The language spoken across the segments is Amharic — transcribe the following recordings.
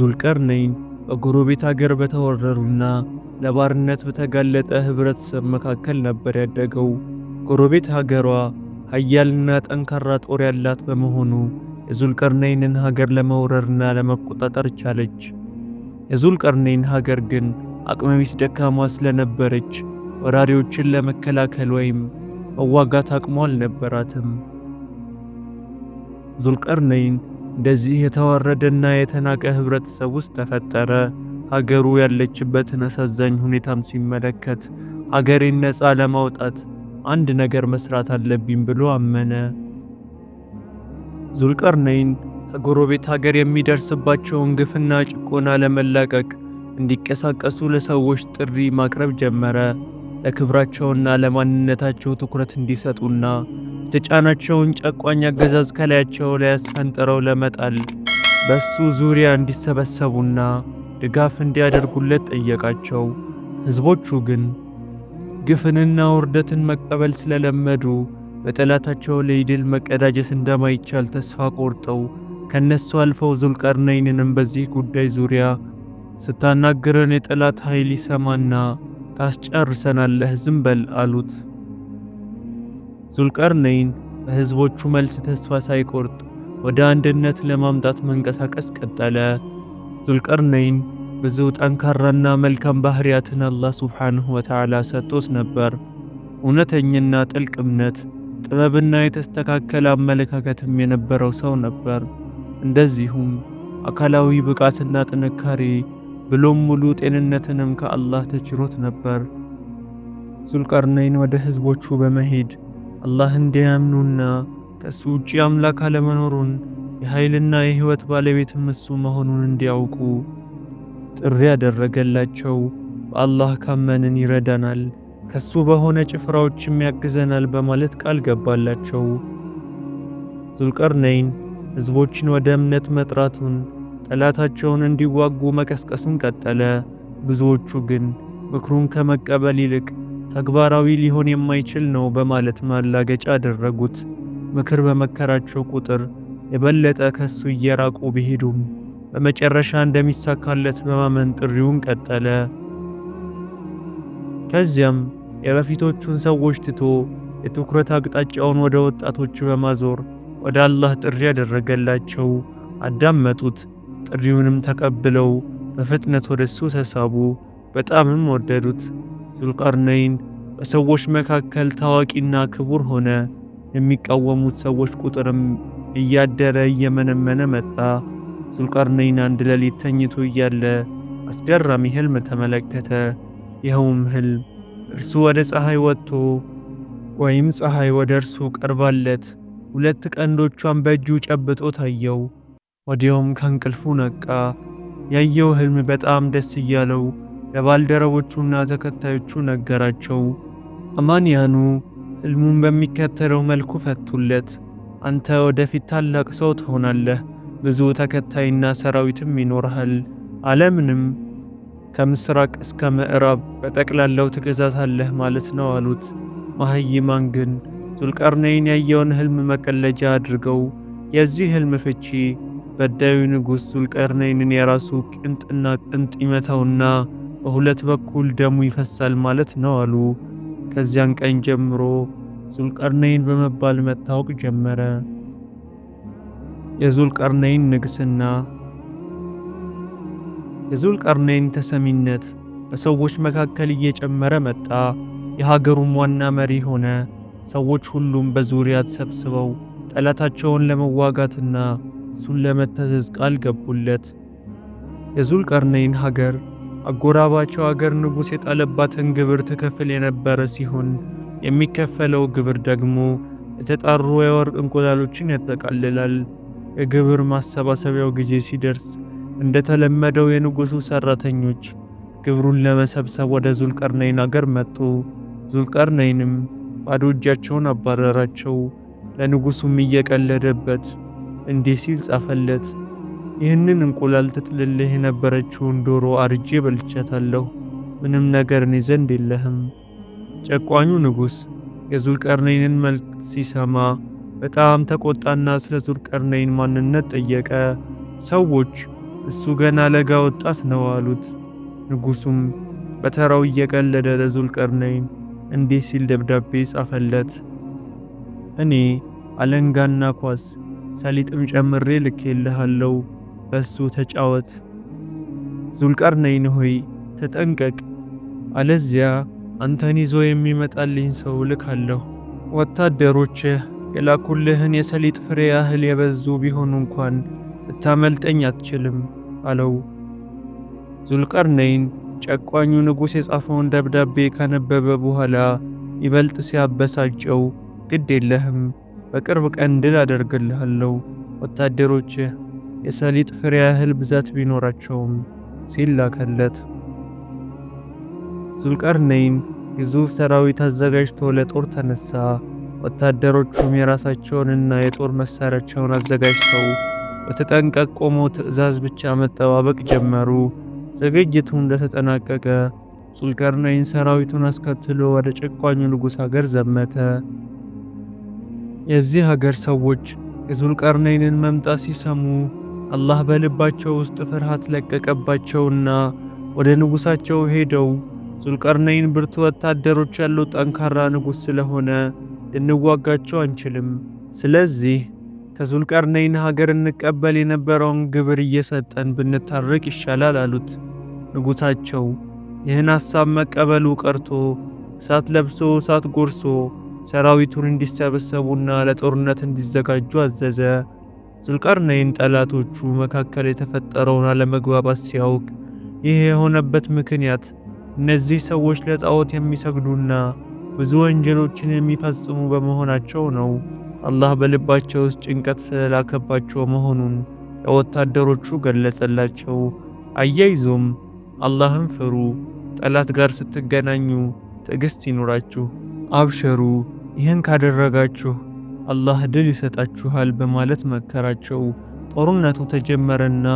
ዙልቀርነይን በጎረቤት አገር በተወረሩና ለባርነት በተጋለጠ ህብረተሰብ መካከል ነበር ያደገው። ጎረቤት ሀገሯ ኃያልና ጠንካራ ጦር ያላት በመሆኑ የዙልቀርነይንን ሀገር ለመውረርና ለመቆጣጠር ቻለች። የዙልቀርነይን ሀገር ግን አቅመቢስ ደካማ ስለነበረች ወራሪዎችን ለመከላከል ወይም መዋጋት አቅሟ አልነበራትም። ዙልቀርነይን እንደዚህ የተዋረደና የተናቀ ህብረተሰብ ውስጥ ተፈጠረ። ሀገሩ ያለችበትን አሳዛኝ ሁኔታም ሲመለከት ሀገሬን ነፃ ለማውጣት አንድ ነገር መስራት አለብኝ ብሎ አመነ። ዙልቀርነይን ከጎረቤት ሀገር የሚደርስባቸውን ግፍና ጭቆና ለመላቀቅ እንዲቀሳቀሱ ለሰዎች ጥሪ ማቅረብ ጀመረ። ለክብራቸውና ለማንነታቸው ትኩረት እንዲሰጡና የተጫናቸውን ጨቋኝ አገዛዝ ከላያቸው ላይ አስፈንጥረው ለመጣል በሱ ዙሪያ እንዲሰበሰቡና ድጋፍ እንዲያደርጉለት ጠየቃቸው። ሕዝቦቹ ግን ግፍንና ውርደትን መቀበል ስለለመዱ በጠላታቸው ላይ ድል መቀዳጀት እንደማይቻል ተስፋ ቆርጠው ከነሱ አልፈው ዙልቀርነይንንም በዚህ ጉዳይ ዙሪያ ስታናግረን የጠላት ኃይል ይሰማና ታስጨርሰናለህ፣ ዝም በል አሉት። ዙልቀርነይን በሕዝቦቹ መልስ ተስፋ ሳይቆርጥ ወደ አንድነት ለማምጣት መንቀሳቀስ ቀጠለ። ዙልቀርነይን ብዙ ጠንካራና መልካም ባህሪያትን አላህ ስብሓንሁ ወተዓላ ሰጥቶት ነበር። እውነተኝና ጥልቅ እምነት፣ ጥበብና የተስተካከለ አመለካከትም የነበረው ሰው ነበር። እንደዚሁም አካላዊ ብቃትና ጥንካሬ ብሎም ሙሉ ጤንነትንም ከአላህ ተችሮት ነበር። ዙልቀርነይን ወደ ሕዝቦቹ በመሄድ አላህ እንዲያምኑና ከእሱ ውጪ አምላክ አለመኖሩን የኃይልና የሕይወት ባለቤትም እሱ መሆኑን እንዲያውቁ ጥሪ ያደረገላቸው በአላህ ካመንን ይረዳናል፣ ከሱ በሆነ ጭፍራዎችም ያግዘናል በማለት ቃል ገባላቸው። ዙልቀርነይን ሕዝቦችን ወደ እምነት መጥራቱን፣ ጠላታቸውን እንዲዋጉ መቀስቀሱን ቀጠለ። ብዙዎቹ ግን ምክሩን ከመቀበል ይልቅ ተግባራዊ ሊሆን የማይችል ነው በማለት ማላገጫ አደረጉት። ምክር በመከራቸው ቁጥር የበለጠ ከሱ እየራቁ ቢሄዱም በመጨረሻ እንደሚሳካለት በማመን ጥሪውን ቀጠለ። ከዚያም የበፊቶቹን ሰዎች ትቶ የትኩረት አቅጣጫውን ወደ ወጣቶች በማዞር ወደ አላህ ጥሪ ያደረገላቸው አዳመጡት። ጥሪውንም ተቀብለው በፍጥነት ወደ እሱ ተሳቡ፣ በጣምም ወደዱት። ዙልቀርነይን በሰዎች መካከል ታዋቂና ክቡር ሆነ። የሚቃወሙት ሰዎች ቁጥርም እያደረ እየመነመነ መጣ። ዙልቀርነይን አንድ ሌሊት ተኝቶ እያለ አስገራሚ ህልም ተመለከተ። ይኸውም ሕልም እርሱ ወደ ፀሐይ ወጥቶ ወይም ፀሐይ ወደ እርሱ ቀርባለት ሁለት ቀንዶቿን በእጁ ጨብጦ ታየው። ወዲያውም ከእንቅልፉ ነቃ። ያየው ህልም በጣም ደስ እያለው ለባልደረቦቹና ተከታዮቹ ነገራቸው። አማንያኑ ህልሙን በሚከተለው መልኩ ፈቱለት። አንተ ወደፊት ታላቅ ሰው ትሆናለህ፣ ብዙ ተከታይና ሰራዊትም ይኖርሃል። ዓለምንም ከምሥራቅ እስከ ምዕራብ በጠቅላላው ትገዛታለህ ማለት ነው አሉት። መሃይማን ግን ዙልቀርነይን ያየውን ሕልም መቀለጃ አድርገው የዚህ ሕልም ፍቺ በዳዩ ንጉሥ ዙልቀርነይንን የራሱ ቅንጥና ቅንጥ ይመታውና በሁለት በኩል ደሙ ይፈሳል ማለት ነው አሉ። ከዚያን ቀን ጀምሮ ዙልቀርነይን በመባል መታወቅ ጀመረ። የዙልቀርነይን ንግስና የዙልቀርነይን ተሰሚነት በሰዎች መካከል እየጨመረ መጣ። የሀገሩም ዋና መሪ ሆነ። ሰዎች ሁሉም በዙሪያ ተሰብስበው ጠላታቸውን ለመዋጋትና እሱን ለመታዘዝ ቃል ገቡለት። የዙልቀርነይን ሀገር አጎራባቸው አገር ንጉሥ የጣለባትን ግብር ትከፍል የነበረ ሲሆን የሚከፈለው ግብር ደግሞ የተጣሩ የወርቅ እንቁላሎችን ያጠቃልላል። የግብር ማሰባሰቢያው ጊዜ ሲደርስ እንደተለመደው የንጉሡ ሠራተኞች ግብሩን ለመሰብሰብ ወደ ዙልቀርነይን አገር መጡ። ዙልቀርነይንም ባዶ እጃቸውን አባረራቸው። ለንጉሡም እየቀለደበት እንዲህ ሲል ጻፈለት። ይህንን እንቁላል ትጥልልህ የነበረችውን ዶሮ አርጄ በልቻታለሁ። ምንም ነገር እኔ ዘንድ የለህም። ጨቋኙ ንጉሥ የዙልቀርነይንን መልክት ሲሰማ በጣም ተቆጣና ስለ ዙልቀርነይን ማንነት ጠየቀ። ሰዎች እሱ ገና ለጋ ወጣት ነው አሉት። ንጉሡም በተራው እየቀለደ ለዙልቀርነይን እንዲህ ሲል ደብዳቤ ጻፈለት። እኔ አለንጋና ኳስ ሰሊጥም ጨምሬ ልኬልሃለሁ። በሱ ተጫወት። ዙልቀርነይን ሆይ ተጠንቀቅ፣ አለዚያ አንተን ይዞ የሚመጣልኝ ሰው ልካለሁ። ወታደሮችህ የላኩልህን የሰሊጥ ፍሬ ያህል የበዙ ቢሆኑ እንኳን ልታመልጠኝ አትችልም አለው። ዙልቀርነይን ጨቋኙ ንጉሥ የጻፈውን ደብዳቤ ከነበበ በኋላ ይበልጥ ሲያበሳጨው፣ ግድ የለህም በቅርብ ቀን ድል አደርግልሃለሁ ወታደሮችህ የሰሊጥ ፍሬ ያህል ብዛት ቢኖራቸውም ሲል ላከለት። ዙልቀርነይን ግዙፍ ሰራዊት አዘጋጅቶ ለጦር ተነሳ። ወታደሮቹም የራሳቸውንና የጦር መሳሪያቸውን አዘጋጅተው በተጠንቀቅ ቆመው ትዕዛዝ ብቻ መጠባበቅ ጀመሩ። ዝግጅቱ እንደተጠናቀቀ ዙልቀርነይን ሰራዊቱን አስከትሎ ወደ ጨቋኙ ንጉሥ ሀገር ዘመተ። የዚህ ሀገር ሰዎች የዙልቀርነይንን መምጣት ሲሰሙ አላህ በልባቸው ውስጥ ፍርሃት ለቀቀባቸውና ወደ ንጉሳቸው ሄደው ዙልቀርነይን ብርቱ ወታደሮች ያለው ጠንካራ ንጉስ ስለሆነ ልንዋጋቸው አንችልም። ስለዚህ ከዙልቀርነይን ሀገር እንቀበል የነበረውን ግብር እየሰጠን ብንታረቅ ይሻላል አሉት። ንጉሳቸው ይህን ሐሳብ መቀበሉ ቀርቶ እሳት ለብሶ እሳት ጎርሶ ሰራዊቱን እንዲሰበሰቡና ለጦርነት እንዲዘጋጁ አዘዘ። ዙልቀርነይን ጠላቶቹ መካከል የተፈጠረውን አለመግባባት ሲያውቅ ይህ የሆነበት ምክንያት እነዚህ ሰዎች ለጣዖት የሚሰግዱና ብዙ ወንጀሎችን የሚፈጽሙ በመሆናቸው ነው። አላህ በልባቸው ውስጥ ጭንቀት ስለላከባቸው መሆኑን ለወታደሮቹ ገለጸላቸው። አያይዞም አላህን ፍሩ፣ ጠላት ጋር ስትገናኙ ትዕግሥት ይኑራችሁ፣ አብሸሩ። ይህን ካደረጋችሁ አላህ ድል ይሰጣችኋል በማለት መከራቸው። ጦርነቱ ተጀመረና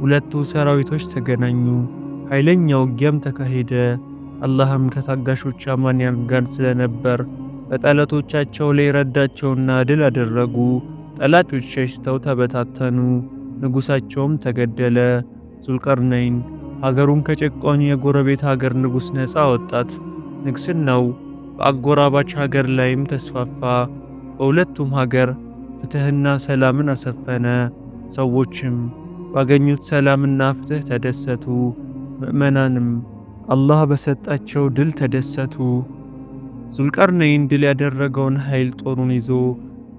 ሁለቱ ሰራዊቶች ተገናኙ። ኃይለኛ ውጊያም ተካሄደ። አላህም ከታጋሾች አማንያን ጋር ስለነበር በጠላቶቻቸው ላይ ረዳቸውና ድል አደረጉ። ጠላቶች ሸሽተው ተበታተኑ። ንጉሳቸውም ተገደለ። ዙልቀርነይን ሀገሩን ከጨቋኝ የጎረቤት ሀገር ንጉሥ ነፃ አወጣት። ንግስናው በአጎራባች ሀገር ላይም ተስፋፋ። በሁለቱም ሀገር ፍትህና ሰላምን አሰፈነ። ሰዎችም ባገኙት ሰላምና ፍትህ ተደሰቱ። ምእመናንም አላህ በሰጣቸው ድል ተደሰቱ። ዙልቀርነይን ድል ያደረገውን ኃይል ጦሩን ይዞ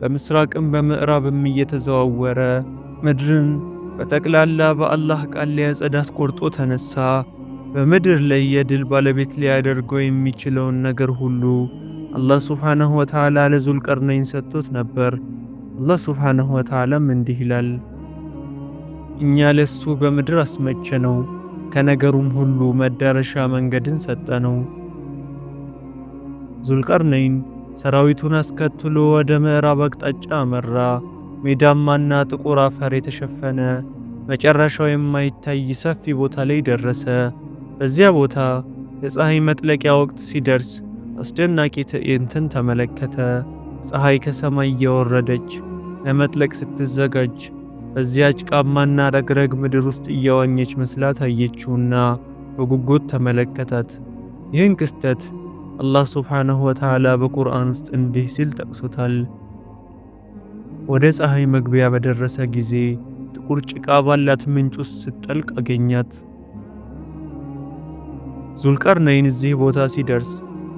በምስራቅም በምዕራብም እየተዘዋወረ ምድርን በጠቅላላ በአላህ ቃል ሊያጸዳት ቆርጦ ተነሳ። በምድር ላይ የድል ባለቤት ሊያደርገው የሚችለውን ነገር ሁሉ አላህ ስብሓንሁ ወተዓላ ለዙልቀርነይን ሰጥቶት ነበር። አላህ ስብሓንሁ ወተዓላም እንዲህ ይላል፣ እኛ ለሱ በምድር አስመቸ ነው ከነገሩም ሁሉ መዳረሻ መንገድን ሰጠ ነው። ዙልቀርነይን ሰራዊቱን አስከትሎ ወደ ምዕራብ አቅጣጫ አመራ። ሜዳማና ጥቁር አፈር የተሸፈነ መጨረሻው የማይታይ ሰፊ ቦታ ላይ ደረሰ። በዚያ ቦታ የፀሐይ መጥለቂያ ወቅት ሲደርስ አስደናቂ ትዕይንትን ተመለከተ። ፀሐይ ከሰማይ እየወረደች ለመጥለቅ ስትዘጋጅ በዚያ ጭቃማና ረግረግ ምድር ውስጥ እየዋኘች መስላት አየችውና በጉጉት ተመለከታት። ይህን ክስተት አላህ ሱብሓነሁ ወተዓላ በቁርአን ውስጥ እንዲህ ሲል ጠቅሶታል። ወደ ፀሐይ መግቢያ በደረሰ ጊዜ ጥቁር ጭቃ ባላት ምንጭ ውስጥ ስትጠልቅ አገኛት። ዙልቀርነይን እዚህ ቦታ ሲደርስ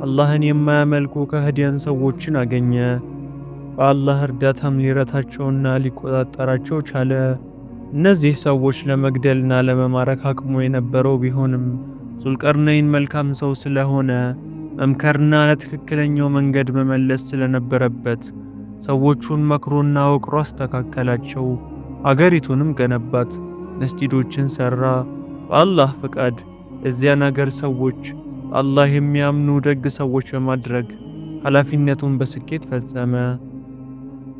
አላህን የማያመልኩ ከህዲያን ሰዎችን አገኘ። በአላህ እርዳታም ሊረታቸውና ሊቆጣጠራቸው ቻለ። እነዚህ ሰዎች ለመግደልና ለመማረክ አቅሙ የነበረው ቢሆንም ዙልቀርነይን መልካም ሰው ስለሆነ መምከርና ለትክክለኛው መንገድ መመለስ ስለነበረበት ሰዎቹን መክሮና ወቅሮ አስተካከላቸው። አገሪቱንም ገነባት፣ መስጂዶችን ሠራ። በአላህ ፍቃድ እዚያን አገር ሰዎች አላህ የሚያምኑ ደግ ሰዎች በማድረግ ኃላፊነቱን በስኬት ፈጸመ።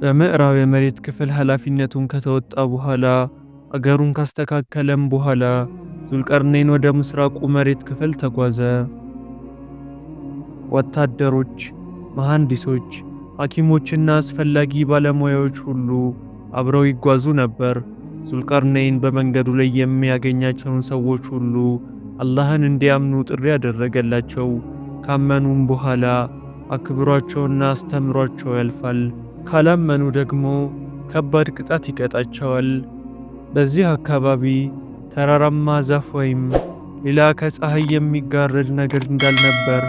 በምዕራብ የመሬት ክፍል ኃላፊነቱን ከተወጣ በኋላ አገሩን ካስተካከለም በኋላ ዙልቀርነይን ወደ ምስራቁ መሬት ክፍል ተጓዘ። ወታደሮች፣ መሐንዲሶች፣ ሐኪሞችና አስፈላጊ ባለሙያዎች ሁሉ አብረው ይጓዙ ነበር። ዙልቀርነይን በመንገዱ ላይ የሚያገኛቸውን ሰዎች ሁሉ አላህን እንዲያምኑ ጥሪ ያደረገላቸው። ካመኑም በኋላ አክብሯቸውና አስተምሯቸው ያልፋል። ካላመኑ ደግሞ ከባድ ቅጣት ይቀጣቸዋል። በዚህ አካባቢ ተራራማ ዛፍ ወይም ሌላ ከፀሐይ የሚጋረድ ነገር እንዳልነበር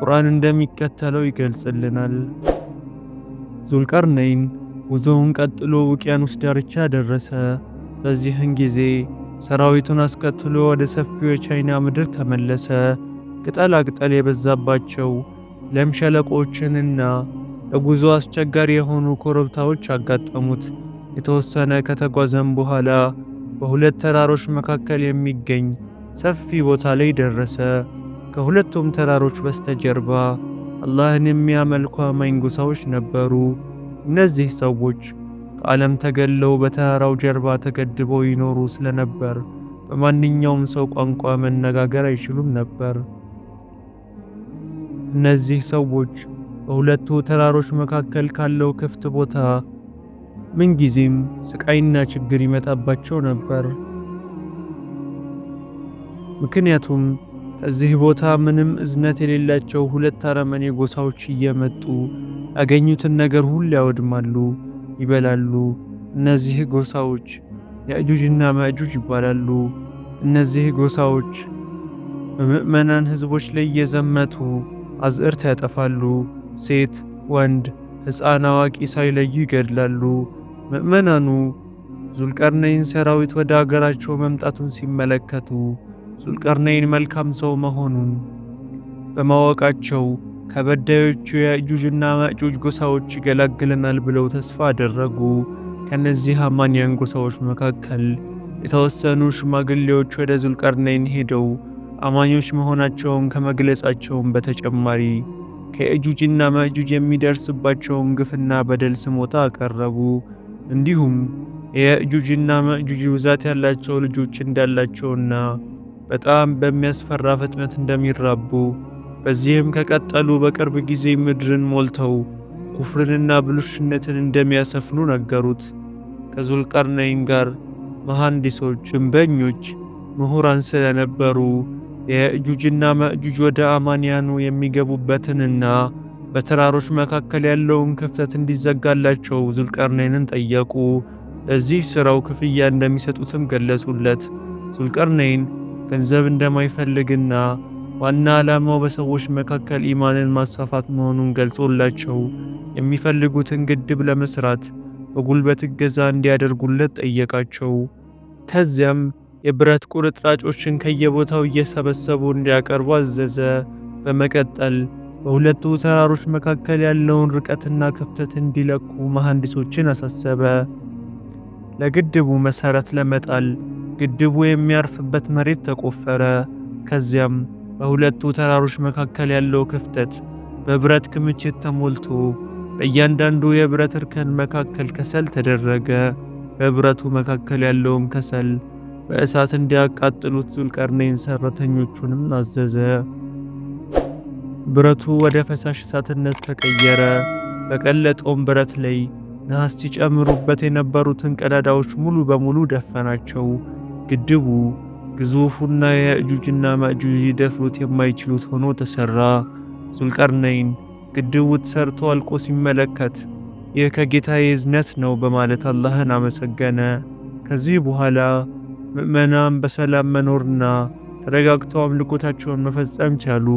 ቁርአን እንደሚከተለው ይገልጽልናል። ዙልቀርነይን ጉዞውን ቀጥሎ ውቅያኖስ ዳርቻ ደረሰ። በዚህን ጊዜ ሰራዊቱን አስከትሎ ወደ ሰፊው የቻይና ምድር ተመለሰ። ቅጠላ ቅጠል የበዛባቸው ለም ሸለቆዎችንና ለጉዞ አስቸጋሪ የሆኑ ኮረብታዎች አጋጠሙት። የተወሰነ ከተጓዘም በኋላ በሁለት ተራሮች መካከል የሚገኝ ሰፊ ቦታ ላይ ደረሰ። ከሁለቱም ተራሮች በስተጀርባ አላህን የሚያመልኩ አማኝ ጎሳዎች ነበሩ። እነዚህ ሰዎች ከዓለም ተገለው በተራራው ጀርባ ተገድበው ይኖሩ ስለነበር በማንኛውም ሰው ቋንቋ መነጋገር አይችሉም ነበር። እነዚህ ሰዎች በሁለቱ ተራሮች መካከል ካለው ክፍት ቦታ ምንጊዜም ስቃይና ችግር ይመጣባቸው ነበር። ምክንያቱም እዚህ ቦታ ምንም እዝነት የሌላቸው ሁለት አረመኔ ጎሳዎች እየመጡ ያገኙትን ነገር ሁሉ ያወድማሉ። ይበላሉ። እነዚህ ጎሳዎች የእጁጅና ማእጁጅ ይባላሉ። እነዚህ ጎሳዎች በምዕመናን ሕዝቦች ላይ እየዘመቱ አዝዕርት ያጠፋሉ። ሴት ወንድ፣ ሕፃን፣ አዋቂ ሳይለዩ ይገድላሉ። ምዕመናኑ ዙልቀርነይን ሰራዊት ወደ አገራቸው መምጣቱን ሲመለከቱ ዙልቀርነይን መልካም ሰው መሆኑን በማወቃቸው ከበዳዮቹ የእጁጅና ማእጁጅ ጎሳዎች ይገላግለናል ብለው ተስፋ አደረጉ። ከነዚህ አማንያን ጎሳዎች መካከል የተወሰኑ ሽማግሌዎች ወደ ዙልቀርነይን ሄደው አማኞች መሆናቸውን ከመግለጻቸውን በተጨማሪ ከእጁጅና ማእጁጅ የሚደርስባቸውን ግፍና በደል ስሞታ አቀረቡ። እንዲሁም የእጁጅና ማእጁጅ ብዛት ያላቸው ልጆች እንዳላቸውና በጣም በሚያስፈራ ፍጥነት እንደሚራቡ በዚህም ከቀጠሉ በቅርብ ጊዜ ምድርን ሞልተው ኩፍርንና ብልሽነትን እንደሚያሰፍኑ ነገሩት። ከዙልቀርነይን ጋር መሐንዲሶች፣ ግንበኞች፣ ምሁራን ስለነበሩ የእጁጅና መእጁጅ ወደ አማንያኑ የሚገቡበትንና በተራሮች መካከል ያለውን ክፍተት እንዲዘጋላቸው ዙልቀርነይንን ጠየቁ። ለዚህ ሥራው ክፍያ እንደሚሰጡትም ገለጹለት። ዙልቀርነይን ገንዘብ እንደማይፈልግና ዋና ዓላማው በሰዎች መካከል ኢማንን ማስፋፋት መሆኑን ገልጾላቸው የሚፈልጉትን ግድብ ለመስራት በጉልበት እገዛ እንዲያደርጉለት ጠየቃቸው። ከዚያም የብረት ቁርጥራጮችን ከየቦታው እየሰበሰቡ እንዲያቀርቡ አዘዘ። በመቀጠል በሁለቱ ተራሮች መካከል ያለውን ርቀትና ክፍተት እንዲለኩ መሐንዲሶችን አሳሰበ። ለግድቡ መሠረት ለመጣል ግድቡ የሚያርፍበት መሬት ተቆፈረ። ከዚያም በሁለቱ ተራሮች መካከል ያለው ክፍተት በብረት ክምችት ተሞልቶ በእያንዳንዱ የብረት እርከን መካከል ከሰል ተደረገ። በብረቱ መካከል ያለውም ከሰል በእሳት እንዲያቃጥሉት ዙልቀርነይን ሰራተኞቹንም አዘዘ። ብረቱ ወደ ፈሳሽ እሳትነት ተቀየረ። በቀለጠውም ብረት ላይ ነሐስ ሲጨምሩበት የነበሩትን ቀዳዳዎች ሙሉ በሙሉ ደፈናቸው። ግድቡ ግዙፉና የእጁጅና ማእጁጅ ደፍሎት የማይችሉት ሆኖ ተሰራ። ዙልቀርነይን ግድቡ ተሰርቶ አልቆ ሲመለከት ይህ ከጌታዬ እዝነት ነው በማለት አላህን አመሰገነ። ከዚህ በኋላ ምእመናን በሰላም መኖርና ተረጋግተው አምልኮታቸውን መፈጸም ቻሉ።